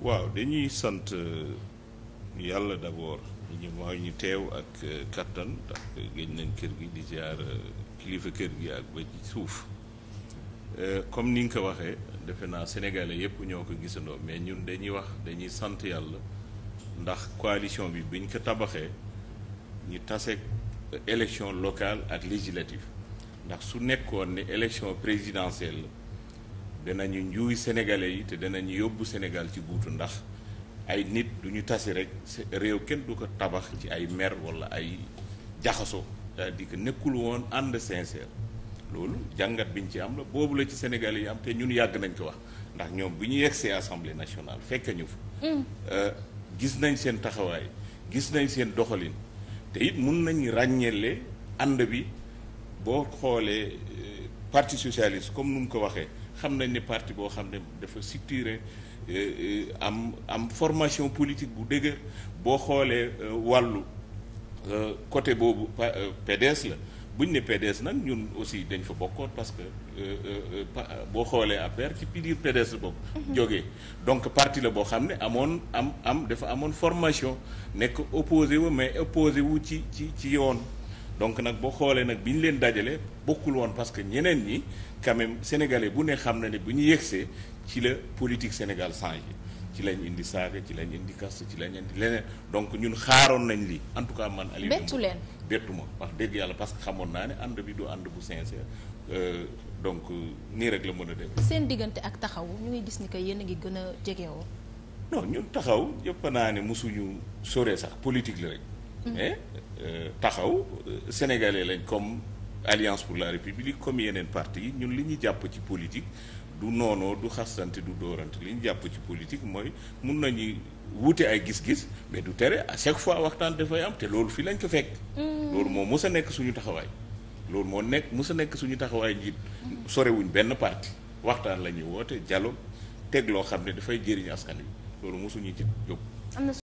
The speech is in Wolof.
waaw dañuy sant euh, yàlla d'abord ñu maa ñu teew ak euh, kattan ndax géej kër gi di ziar euh, kilifa kër gi ak ba ci suuf comme ni nga ko waxee defe naa sénégalais yëpp ñoo ko gisandoo mais ñun dañuy wax dañuy sant yàlla ndax coalition bi biñ ko tabaxee ñu taseeg élection locale ak législative ndax su nekkoon ne élection présidentielle danañu njuuy sénégalais yi te danañu yóbbu Sénégal ci guutu ndax ay nit du ñu tasi rek réew kenn du ko tabax ci ay mer wala ay jaxaso di à nekkul woon ànd sincère loolu jàngat bi ñu ci am la boobu la ci sénégalais yi am te ñun yàgg nañ ko wax ndax ñoom bi ñu yegsee assemblée nationale fekk ñu fa. Mm. Euh, gis nañ seen taxawaay gis nañ seen doxalin te it mun nañ ràññeele ànd bi boo xoolee euh, parti socialiste comme nu mu ko waxee. xam nañ ne parti boo xam ne dafa structuré euh, euh, am am formation politique bu dëgër boo xoolee euh, wàllu côté boobu PDS la bu ñu ne PDS nag ñun aussi dañ fa bokkoon parce que boo xoolee affaire ci biir PDS la bokk mhm. jógee donc parti la boo xam ne amoon am am dafa amoon formation nekk opposé wu mais opposé wu ci ci ci yoon donc nag boo xoolee nag bi ñu leen dajale bokkul woon parce que ñeneen ñi quand même bu ne xam na ne bu ñu yegsee ci la politique Sénégal changé ci lañ indi saaga ci lañ indi kast ci lañ indi leneen donc ñun xaaroon nañ li en tout cas man. Aliou bettu leen bettu ma wax dégg yàlla parce que xamoon naa ne ànd bi du ànd bu sincère euh, donc nii rek la mën a def. seen diggante ak taxaw ñu ngi gis ni que yéen a ngi gën a jegewoo. non ñun taxaw jëpp naa ne mosuñu sore sax politique la mais mm-hmm. eh, euh, taxaw euh, sénégalais lañ comme alliance pour la république comme yeneen parti yi ñun li ñu jàpp ci politique du noonoo du xastante du dóorante li ñu jàpp ci politique mooy mun nañu wuute ay gis-gis mais du tere à chaque fois waxtaan dafay am te loolu fii lañ ko fekk mm. loolu moo mës a nekk suñu taxawaay loolu moo nekk mës a nekk suñu taxawaay njiit mm. sorewuñ benn parti waxtaan la ñuy woote dialogue teg loo xam ne dafay jëriñ askan wi loolu mosuñu ci jóg